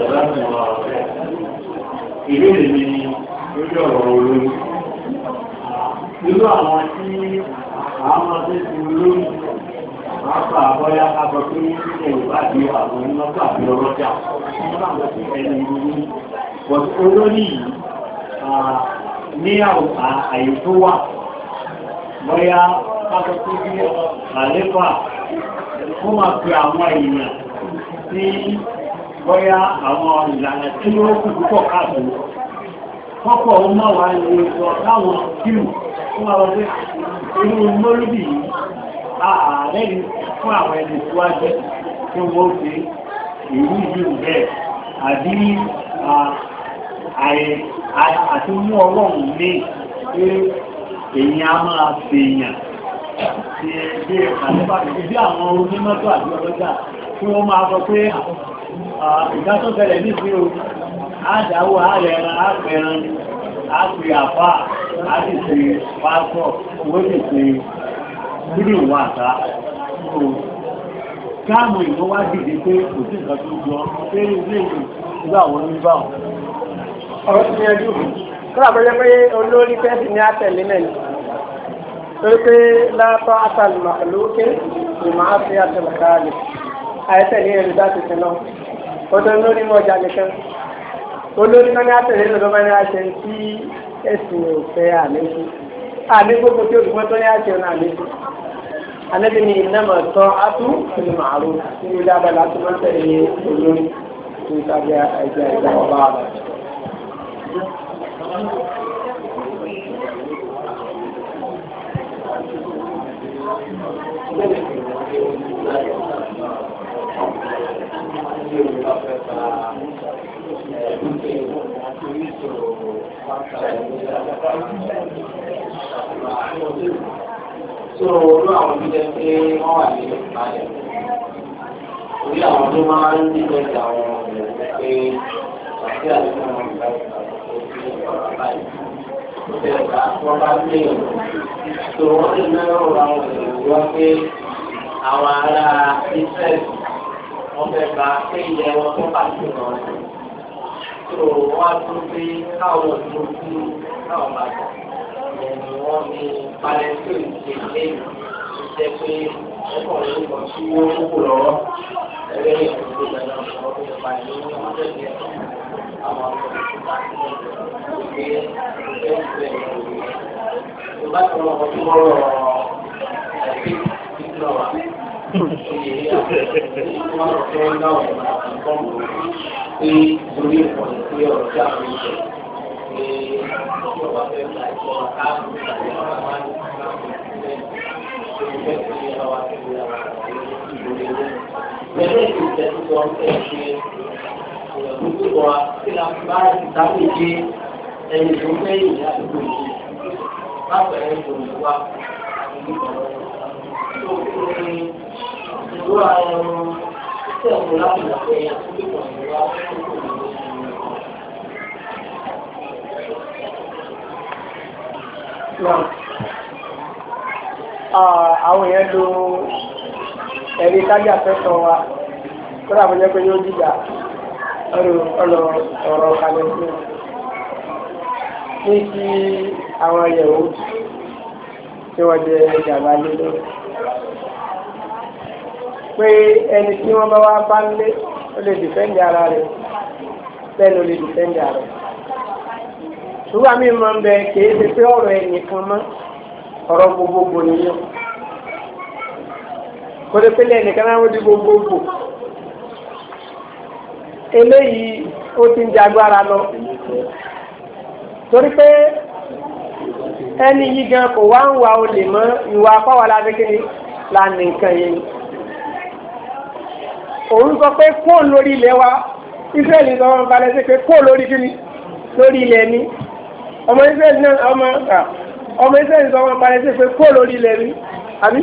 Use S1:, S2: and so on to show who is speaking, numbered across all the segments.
S1: ọ̀dá mi
S2: wà ọ̀fẹ́. Ìbéèrè mi ni lórí ọ̀rọ̀ olóyún. Irú àwọn ń pa àbọ́yá kábọ̀ pé ilé ìwà di àwọn onímọ̀tò àbí ọlọ́jà. Ẹni ìlú bọ̀dé olóyún yìí ní àyè tó wà bọ́yá kábọ̀ pé bí àlékọ́ à. Ó máa pe àwọn èèyàn sí bọ́yá àwọn ìlànà tí ó kù púpọ̀ káàkiri pọ́pọ̀ ó máa wà ní ìsọ láwọn kíù tó wà wọ́pẹ́ inú mọ́lúbì yìí ààrẹ fún àwọn ẹni síwájú tí wọ́n fi èyí yìí bẹ́ẹ̀ àbí àti mú ọlọ́run ní pé èyí a máa fi èèyàn tí ẹgbẹ́ àti bí àwọn onímọ́tò àti ọlọ́jà tí wọ́n máa sọ pé Ah, ìdásọ́fẹ́lẹ̀ ní sí o àdáwò ààrẹ̀ran àpẹran àpè àfà àdìsẹ̀ pásọ̀ owó nìsẹ̀ gúrù wà tá káàmù ìwọ́n wá dìde pé kò sí
S1: nǹkan tó jọ pé ilé ìgbà wọn ní báwọn ọ̀rọ̀ ti yanjú kọ́lá bọ́ jẹ́ pé olórí fẹ́ẹ̀sì ní àtẹ̀lé náà torí pé látọ́ àtàlùmọ̀ lókè ìmọ̀ àti àtẹ̀lẹ̀kálẹ̀ àìtẹ̀lé ẹ̀rí dáàtì sí náà ọ̀tọ̀ lórí mọ́ ọjà nìkan olórí náà ní àtẹ̀lé lọ́dọ́ bá ní àṣẹ tí ẹ̀sìn òfẹ́ àlékún àlégbogbo tí olùkọ́ tó ní àṣẹ ọ̀nà àlékún alẹ́bí ni ìnáma tọ́ atú ìlú màálù nínú ilé abala tó máa ń tẹ̀lé ní olórí tó ń sábẹ́ ẹgbẹ́ ìgbà ọba rẹ̀.
S3: Thank you. So olú
S2: àwọn tó jẹ́ pé wọ́n wà ní ìpalẹ̀. Orí àwọn tó máa ń dídọ̀ sí So wọ́n lè náà rọra àwọn ìrìn wọ́n fẹ́ gba pé ilẹ̀ wọn tó pàṣẹ wọn tó wọ́n tún pé káwọn òṣèlú káwọn bá tọ̀ ìyẹn ni wọ́n ní palẹ́tò ìṣẹ̀lẹ̀ jẹ́ pé ẹ̀kọ́ ló lọ sí owó kúkú lọ́wọ́ ẹgbẹ́ yẹn kò tó gbàgbọ́ ọ̀rọ̀ tó pa ìlú wọn tó ti ẹ̀kọ́ àwọn ọ̀rọ̀ tó pa ìlú ìgbé ìgbé ìgbé ìgbé ìgbé ìgbé
S3: ìgbé ìgbé ìgbé Ẹni tó àdúrà ẹran títẹ̀ ọ̀pọ̀ láti wà pé
S2: àtúntò kan ìwà
S1: àwọn èèyàn lo ẹ̀rí kájà fẹ́sọ̀ wa tó dàbọ̀ jẹ́ pé yóò dìgbà ọ̀rọ̀ ọ̀rọ̀ kalẹ̀ fún un ní ti àwọn ẹ̀yẹ̀wò tí wọ́n jẹ́ ìjàmbá lé pé ẹni tí wọ́n bá wá bá ń lé ó lè dìfẹ́ǹdì ara rẹ̀ bẹ́ẹ̀ ló lè dìfẹ́ǹdì ara
S3: rẹ̀. ṣùgbọ́n mi máa ń bẹ kìí
S1: ṣe pé ọ̀rọ̀ ẹ̀yìn kan mọ́ ọ̀rọ̀ gbogbogbò nìyẹn. kó lè pélé ẹnìkan náà wọ́n di gbogbogbò. eléyìí ó ti ń jagbára lọ. torí pé ẹni yìí gan kò wá ń wa olè mọ́ ìwà apáwọ̀ lábẹ́kẹ́ni la nìkan yẹn òun sọ pé kó lórí ilẹ̀ wa Israẹli sọ wọn balẹ̀ sí pé kó lórí kíni lórí ilẹ̀ ni ọmọ Israẹli náà ọmọ ọmọ Israẹli sọ wọn balẹ̀ sí pé kó lórí ilẹ̀ ni àbí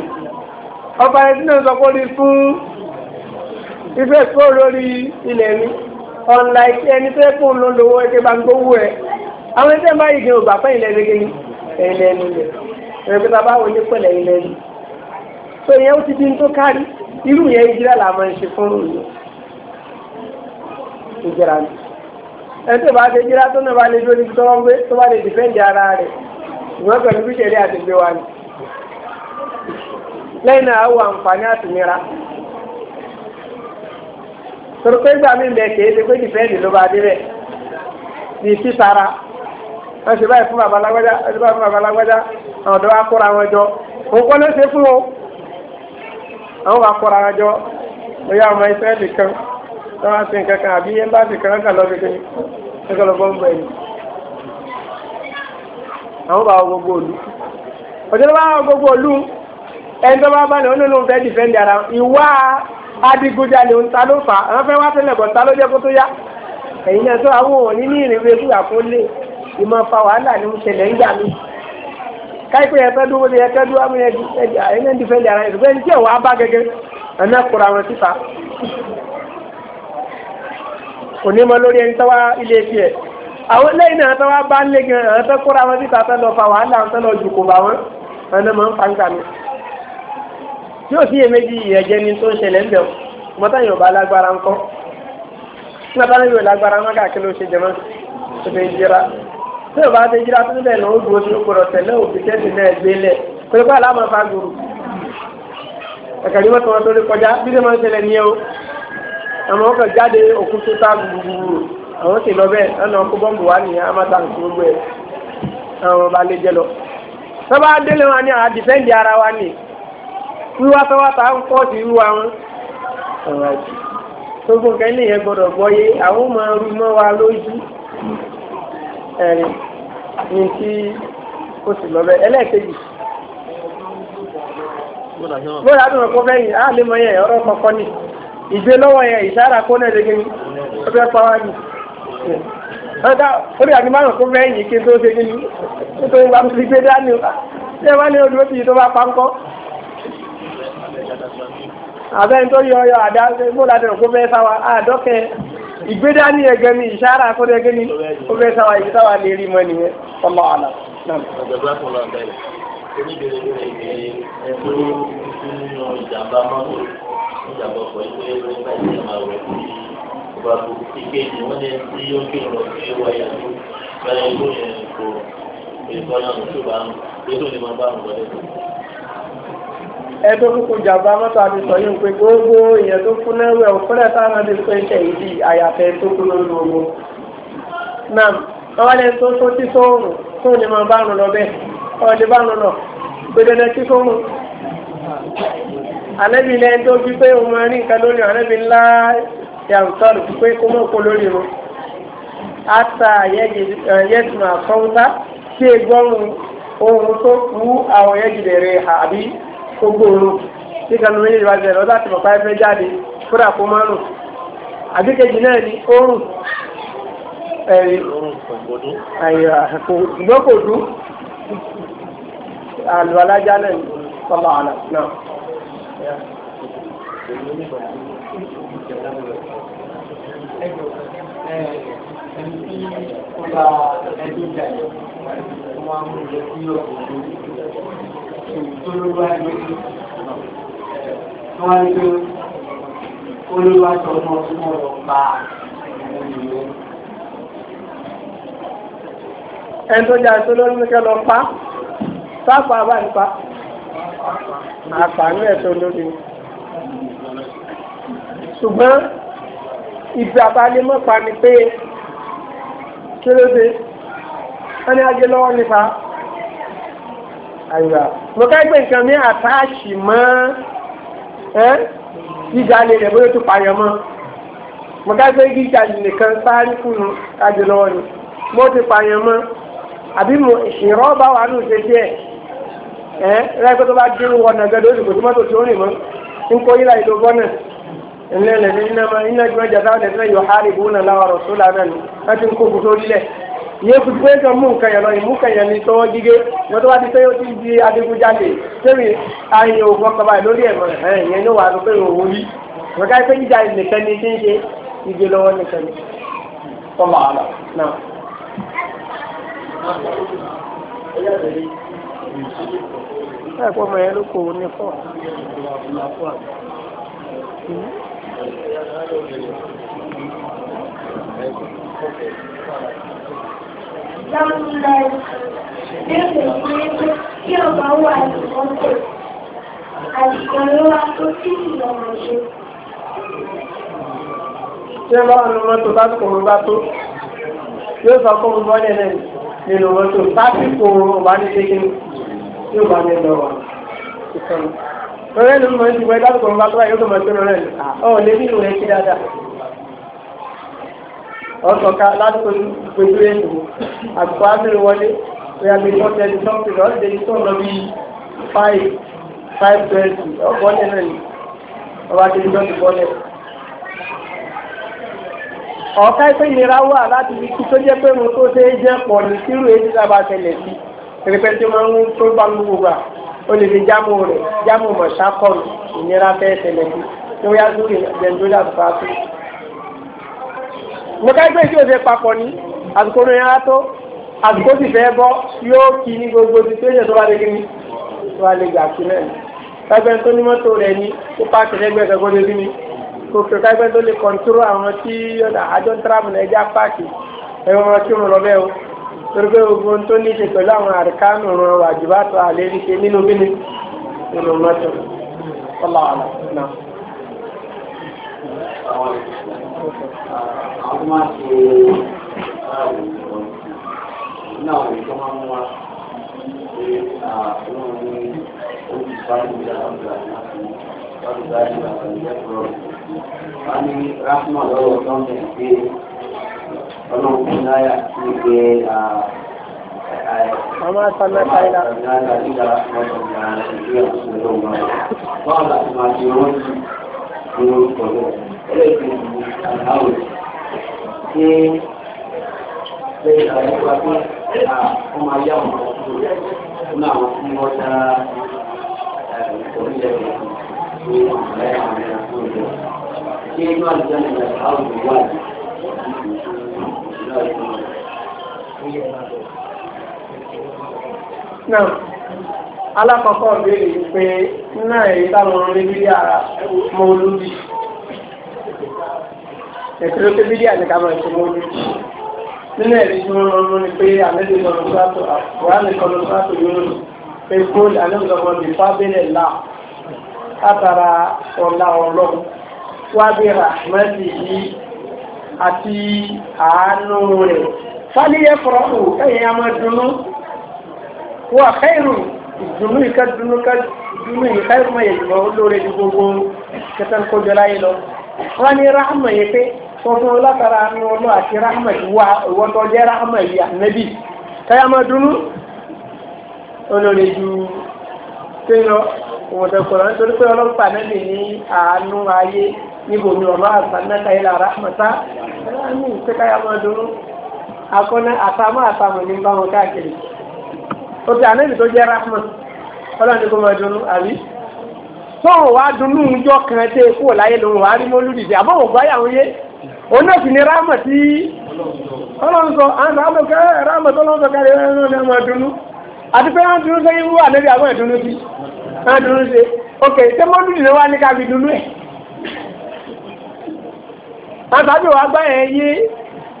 S1: ọba ẹni náà sọ kórí fún Israẹli kó lórí ilẹ̀ ni unlike ẹni tó kó ló lówó ẹgbẹ́ bá ń gbówó ẹ àwọn ẹgbẹ́ bá yìí gbé ògbà fẹ́ ilẹ̀ ẹgbẹ́ ni ilẹ̀ ni ilẹ̀ ẹgbẹ́ bá wọlé pẹ̀lẹ́ ilẹ̀ ni so ìyẹn ó ti di ní tó kárí irú yẹn ìjírà là máa ń ṣe fún òyìn ìjírà ni ẹni tó bá ṣe ìjírà tó náà bá lè dúró níbi tó wọ́n gbé tó bá lè dìfẹ́ǹdì ara rẹ̀ ìwọ́n pẹ̀lú bí ìṣẹ̀lẹ̀ àti ìgbé wa ni lẹ́yìn náà àwọn àǹfààní àtìmíra torí pé gbà mí bẹ kéé ṣe pé dìfẹ́ǹdì ló bá débẹ̀ ní sísara wọ́n wọ́n ṣe báyìí fún bàbá ọ̀dọ́ wa wọn jọ òun kọ́ fún o àwọn bá kọ́ra àjọ bóyá ọmọ ìsírẹ́lì kan tó wá sí nǹkan kan àbí ẹ́mbáàsì kan kà lọ́dún kan nígbà lọ́gbọ́ ń bọ̀ ẹ̀yìn àwọn bá wọ gbogbo òlu òjò ló bá wọ gbogbo òlu ẹni tó bá bá ní onínú fẹ́ dìfẹ́ndì ara ìwà adigunjalè ń ta ló fà àwọn fẹ́ wá tẹ́lẹ̀ bọ̀ ń ta ló jẹ́ kó tó yá ẹ̀yin náà tó àwọn òní ní ìrìnwé fúyà kó lè ìmọ̀ fa wàhálà ní ìṣẹ̀lẹ̀ káyipẹ́ yẹn fẹ́ dúró yẹn fẹ́ dúró àwọn yẹn ẹni dìfẹ́ndì ara yẹn ṣùgbọ́n ẹni tí ìwà bá gẹ́gẹ́ ẹ̀ná kura wọn síta. onímọ̀ lórí ẹni tọ́wá ilé tiẹ̀ àwọn lẹ́yìn náà tọ́wá bá ń lé gan àwọn tó kura wọn síta tó lọ fa wàhálà wọn tó lọ jù kò bá wọn ẹni mọ̀ ń fa ń gbà mí. o ò sí èméjì ìyẹ̀jẹ̀ ni tó ń ṣẹlẹ̀ ń bẹ̀ mọ́tà tí o bá ti jíra tó nílẹ̀ lọ́wọ́ dúró sí ọkọ̀ tẹ̀lé òfin tẹ́sí náà gbélẹ̀ pẹ̀lú pé aláàmọ̀ bá gbòòrò ẹ̀kẹ́ ní wọn tó kọjá bí lè máa ṣẹlẹ̀ ní o àwọn ọkọ̀ jáde òkú tó gbùgbùgbùrù àwọn sì lọ bẹ́ẹ̀ ẹ̀nà ọkọ̀ bọ́ǹbù nìyẹn a ta nǹkan lọ. délé ara wa nì wíwá tó wá ta ń pọ̀ sí ní ìyẹn gbọ́dọ̀ gbọ́ ẹ̀rí ní tí ó sì lọ bẹ́ ẹlẹ́ẹ̀kejì
S3: bóra bí wọn kó fẹ́
S1: yìí á lè mọ yẹn ọ̀rọ̀ kọ̀ọ̀kọ́ ni ìgbé lọ́wọ́ yẹn ìsára kó náà lè gbẹ̀yìn ó fẹ́ pa wá ní. ọ̀dà orí àti márùn kó fẹ́ yìí kí n tó ṣe kí ni nítorí wàá fi gbé dání ṣé wàá ní olùwé tìyí tó bá pa ń kọ́. yọ ọyọ àdá bóra bí kó fẹ́ sáwa àdọ́kẹ́ ìgbéda ní ẹ̀gẹ́ ní ìṣára àkọ́dọ̀ ẹ̀gẹ́ ní ó fẹ́ sáwà yìí sáwà lè rí mọ́ nìyẹn ọlọ́ àlà
S2: náà. ọ̀jọ̀gbọ́n kan lọ bẹ̀rẹ̀ oníbẹ̀rẹ̀ bẹ̀rẹ̀ ìgbẹ́
S1: ẹjọ́ kúkú jàmbá mọ́tò àti yìí ń pe gbogbo èèyàn tó kú lẹ́wẹ̀ òfúrẹ́ táwọn ti pé ṣe ìdí àyàfẹ́ tó kú lórí nam ọ̀rẹ́ tó tó tí sóòrùn tó ní máa bá rùn lọ bẹ́ẹ̀ bá rùn lọ tí sóòrùn. àlẹ́bí pé òun máa rí nǹkan lórí àlẹ́bí ńlá pé kó mọ̀ kó lórí wọn. kó gbòòrò tí kanu méjèèjì bá bẹ̀rẹ̀ ọ̀dọ́ àti mọ̀pá ẹ̀fẹ́ jáde kódà kó má rùn àbí kejì náà ni ó rùn ẹ̀rí àyà ṣùgbọ́n kò dún àlùbálájá náà ni sọ́lá àlà náà.
S2: Ẹni tí ó bá ẹdún jà wọ́n á mú ìyẹn sí ọ̀pọ̀ ìlú tó ló bá ní ojú
S3: tó wá ní pé ó ló bá sọ ọmọ tí wọ́n lọ pa
S1: ẹni tó jẹ́ àti olórí nìkẹ́ lọ pa sáàpà bá ń pa
S3: àpàánú ẹ̀tọ́ lórí
S1: ṣùgbọ́n ibi àbálẹ́ mọ́pa ni pé kí ló dé wọ́n ajé lọ́wọ́ nípa àyíká. mo ká gbé nǹkan mi àtàṣì mọ́ gíga lè rẹ̀ bóyá tó pààyàn mọ́ mo ká gbé gíga nìkan sáré fún un kájọ lọ́wọ́ ni mo ti pààyàn mọ́ àbí mo ìṣìnrọ́ bá wà nù ṣe díẹ̀ ya rẹ́gbẹ́ tó bá dé wọ nàgẹ́dẹ́ ó kò tó mọ́tò tó rìn mọ́ nkó yíra ìlú bọ́nà ńlẹ́lẹ̀ ní iná jùmọ̀ jàdá lẹ́sẹ̀ yóò ìyẹn kò gbé kan mú nǹkan yẹn lọ ìmú kan yẹn ní tọwọ́ gígé wọ́n tó wá di pé ó ti di adigunjalè sẹ́mi àyìn òògùn ọkọ̀ báyìí lórí ẹ̀mọ́ ẹ̀ ìyẹn ló wà ló pé òun rí wọ́n ká pé jíjà nìkan ni ṣe ń ṣe ìgbé lọ́wọ́ nìkan ni ọmọ àlọ́ náà. ẹ̀pọ̀ mọ̀ ẹ́ ló kó o ní
S2: fọ́.
S3: Thank you lọ́nà ìbéèrè fún ẹgbẹ́ tí ọba wà lọ́tẹ̀ àdìgbò ló wá tó sí ìlọ́rọ̀ ṣe.
S1: Ṣé bá wọn lọ mọ́tò bá kò bá tó? Yóò sọ fún mi bọ́lẹ̀ náà nínú mọ́tò lásìkò ọba ní ṣe kíni yóò bá mi lọ wà. Ọ̀rẹ́ ni mo ti wọ ẹ́ lásìkò ọba tó wà yóò tó mọ̀ sí ọ̀rẹ́ mi. Ọ̀ lè bí ìwé ṣe dáadáa ọ̀sọ̀ka lásìkò pẹ̀lú ètò àgbà abẹ́rẹ́ wọlé wíyà bí wọ́n tẹ̀lé sọ́ọ̀tì lọ́ọ́ tẹ̀lé sọ́ọ̀ lọ bí five five twenty ọ̀pọ̀ ọ̀lẹ̀ náà ni ọba tẹ̀lé sọ́ọ̀tì bọ́lẹ̀. ọ̀ka ìpè ìnira wà láti fi kí tó jẹ́ pé mo tó ṣe é jẹ́ pọ̀ ní sírù èyí tí sábà tẹ̀lé sí pẹ̀lẹ́pẹ́ tí wọ́n ń tó bá gbogbo mo ká gbé ìṣòro papọ̀ ní àsìkò ní ara tó àsìkò sì fẹ́ bọ́ yóò kí ní gbogbo ti tẹ́sán tó bá lè gbìn tó bá lè gbà sí náà kágbẹ́ tó ní mọ́tò rẹ̀ ní kó pàṣẹ lẹ́gbẹ́ kan kó lè gbìn kó fẹ́ kágbẹ́ tó lè kọ̀ntúrò àwọn tí àjọ tíráàmù náà ẹja páàkì ẹ̀rọ wọn kí wọn lọ bẹ́ẹ̀ o torí pé gbogbo tó ní ṣe pẹ̀lú àwọn àríkánù wọn wàjúbà tó àlè rí ṣe nínú bíní nínú mọ́tò ọlọ́ọ̀lá náà
S2: kó má ṣe ara òun lọ ní àwọn èyí tó máa mú wa pé àwọn ní oṣù báyìí ní àbúrò àti báyìí báyìí àti ìjẹ́kọ̀ọ́ wọn ní ráfúnà lọ́wọ́ tó ń bẹ̀rẹ̀ pé ọlọ́run kò náyà sí pé Mama sanna kaila. Báwo la ti máa ṣe owó sí owó ìkọ̀lẹ́? Ẹlẹ́gbẹ̀ẹ́ ni àwọn ìṣẹ́ ṣe ṣe ìlànà ìgbà pé wọ́n máa yá wọn lọ sí nínú àwọn tí wọ́n dá orílẹ̀ èdè ní ọ̀rẹ́ àwọn ẹ̀rọ tó ń lọ. Ṣé inú àlùjá ni ìgbà àwùjọ
S3: wà ní ìlú
S1: náà alákọ̀ọ́kọ́ béèrè pé náà èyí táwọn orílẹ̀-èdè ara mọ́ olóbi ẹ̀sìn ló pé bídíà ní ká máa ṣe mọ́ ojú. nínú ẹ̀rí tí wọ́n rán mú ni pé àmẹ́lẹ́ ìsọ̀rọ̀ sọ́tò àkùrán nìkan ló sọ́tò yóò pé kóòlù àlẹ́mùsọ̀mọ́ ní fábílẹ̀ là látara ọ̀la ọlọ́run wábí ràhmẹ́tì yìí àti àánú rẹ̀ fáníyẹ kọ̀rọ̀ ò ẹ̀yìn a máa dunú wà kẹ́rù ìdùnnú ìka dunú ká dunú ìka ìrùmọ̀ yẹn lọ lórí gbogbo kẹtàn kójọ láyé lọ wọ́n ní rahma yẹn pé sọ fún ọlọ́kara ní ọlọ́ àti rahmat wa ìwọ́tọ̀ jẹ́ rahmat yìí ànẹ́bí káyà máa dúnú olórí ju kéèyàn òmùtẹ̀kọ̀rọ̀ nítorí pé ọlọ́pàá ànẹ́bí ní àánú ayé níbo ni ọ̀rọ̀ àtànáka ilà rahmata ní ìpé káyà máa dúnú akọ́nà àtàmọ́ àtàmọ́ ní bá wọn káàkiri ó ti ànẹ́bí tó jẹ́ rahmat ọlọ́ni kó máa dúnú àbí tó wà dúnú ìjọ kan tẹ́ kó láyé lòun wà á rí mọ́lúdìdì àbọ̀wọ̀ gbáyàwó yé onáàtì ni ráàmà tí ọlọ́nsọ àtàlọ́kẹ́ ráàmà tó lọ́nsọ kárí ẹ̀rọ ẹ̀mọ̀ ẹ̀dùnú àti pé wọ́n dúró sẹ́yìn wúwà lórí àwọn ẹ̀dùnú sí wọ́n dúró sí ok ṣé mọ́dúnrún ni wọ́n á ní kábi dúnú ẹ̀ àtàbí wàá gbá ẹ̀ yé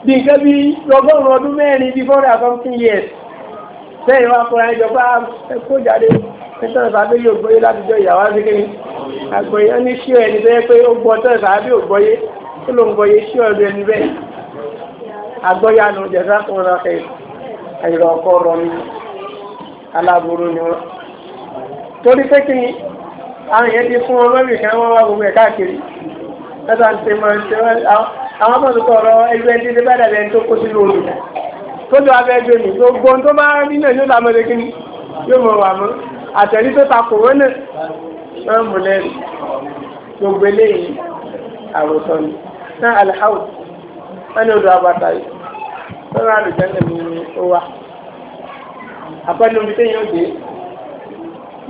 S1: bí nǹkan bí ọgọ́rùn-ún ọdún mẹ́rin bí four and something years sẹ́yìn wá fún ẹjọ́ bá ah, ẹkó jáde nítorí sàbí yóò gbọ́yé látijọ́ ìyàwó àti kékeré àgbọ̀yé ní ṣí ẹni tó yẹ pé ó gbọ́ tẹ́lẹ̀ sàbí ò gbọ́yé kó ló ń gbọ́ yé sí ọ̀dọ̀ ẹni bẹ́ẹ̀ agbọ́yánu jẹ̀dá kó lọ kẹ́ ẹ̀rọ ọkọ rọ ní aláboró ni wọn. torí pé kí àwọn yẹn ti fún wọn lọ́bì kan wọ́n wá gbogbo ẹ̀ káàkiri lọ́sà ń ṣe máa ń ṣe wọ́n àwọn tó ti kọ̀ọ̀rọ̀ ẹgbẹ́ ẹni tí bá dàbí ẹni tó kó sínú omi tó lọ abẹ́ ẹgbẹ́ mi gbogbo tó bá rí náà yóò lámọ́ lé kíní yóò mọ̀ wà mọ́ àtẹ̀rí tó ta kò wọ́n náà wọ́n mú lẹ́rìí gbogbo eléyìí àwòsàn ni náà alhaus wọn ni odò abata yìí sọ́nà àlùjẹ́ńdà mi ni ó wà àpẹẹrẹ omi téèyàn dé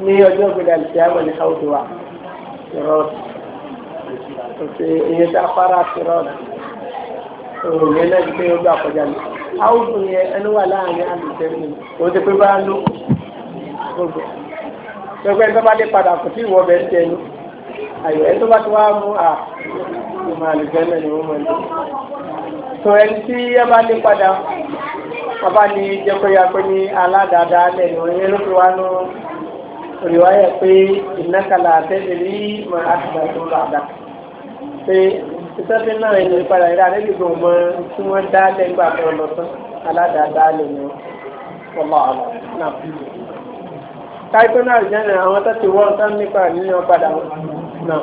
S1: ní ọjọ́ ògbéga ìṣẹ́ àwọn ní haus wà ìrọ́ọ̀tì òkè ìyẹn tá a fara ìrọ́ọ̀tì òòrùn yẹn náà ti pé ó gbà kọjá mi haus yẹn ẹnu wà láàrin àlùjẹ́ńdà òun ti pé bá ń lò gbogbo gbogbo ẹni tó dé padà kò tí ì wọ bẹ́ẹ̀ ń tẹnu àyọ̀ ẹni tó bá ti wá mú à ọmọ àlùjẹ́nà ni wọ́n mọ̀ ní.
S3: tó ẹni tí ẹ bá ní padà bàbá ní jẹ́kọ̀ọ́yà
S1: pé ní aládàáda lẹ̀ ní wọ́n yẹn ló fi wá nú olùwáyà pé ìnákàlà àtẹ́lẹ̀lì mọ̀ àtìgbà tó bá dà. pé ìtọ́jú náà ẹni padà ìdá nílùú mọ tí wọ́n dá lẹ́gbà tó lọ tán aládàáda lẹ̀ ní wọ́n lọ́ àlọ́ náà. káyipẹ́ náà àlùjẹ́nà àwọn tó ti wọ́n tán nípa àníyàn padà
S2: náà.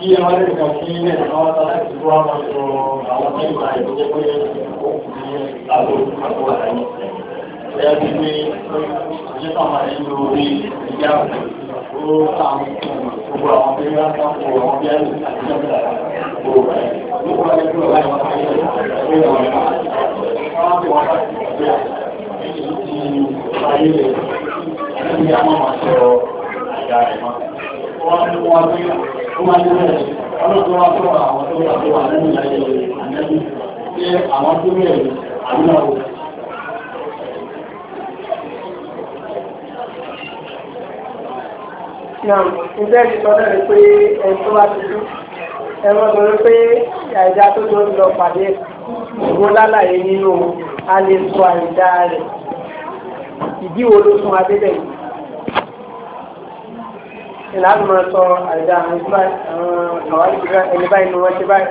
S2: kí àwọn ẹ̀kọ́ kí ilé àwọn tàbí ti wá máa sọ àwọn mẹ́ta ìgbẹ́ pé ọkùnrin àbò àbò àyè ẹ̀yà bí pé ọjọ́ kan máa ń lo orí ìyá ó
S3: sàmù gbogbo àwọn bí wọ́n kàn fún àwọn bí wọ́n àti ìjọba gbogbo ẹ̀ gbogbo ẹ̀ gbogbo ẹ̀ wọ́n kàn yẹ
S2: pé wọ́n máa wọ́n bí wọ́n kàn sí ìgbẹ́ èyí ti ayé rẹ̀ ní àwọn máa sọ ìyá rẹ̀ mọ́ wọ́n mú wọn bí ó máa ní bẹ́ẹ̀ ọlọ́dún wa tó wà àwọn tó wà tó wà lẹ́nu ìlàjẹ̀ ànẹ́bí pé àwọn tó bẹ̀rẹ̀ àwọn àwọn
S1: Náà, ìbẹ́ ìsọ náà ni pé ẹ̀sọ́ wá ti dú. Ẹ̀rọ ọ̀gbọ̀n pé àìdá láti máa sọ àìdá àwọn àwárígbà ẹni báyìí ni wọ́n ṣe báyìí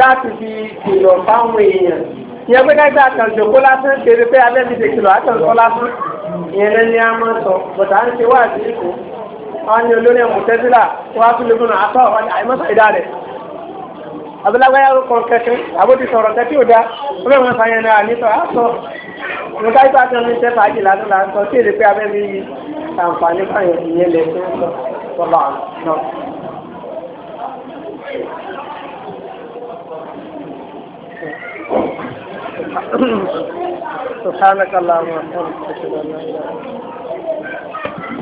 S1: láti fi kìlọ̀ fáwọn èèyàn ìyẹn pé kájọ àtàǹjòkó lásán kéré pé alẹ́ mi ti kìlọ̀ àtàǹkọ́ lásán ìyẹn lẹ́ ní a máa sọ bọ̀tà ń ṣe wá sí ìkó wọn ní olórí ẹ̀mú tẹ́sílà wọn á tún lè gbóná àtọ́ àìmọ́sọ̀ ìdá rẹ̀ abúlágbáyà kan kẹ̀kẹ́ àbótí sọ̀rọ̀ kẹ́kẹ́ ò dá ọlọ́run máa fàyẹn náà nítọ́ á sọ mo ká ìgbà tó ń ṣe fàájì lásán là ń sọ sí èrè pé abẹ́ mi yí àǹfààní fàyẹn ìyẹn lẹ̀ fún sọ sọ́lá náà. سبحانك اللهم وبحمدك اشهد ان
S3: لا اله الا انت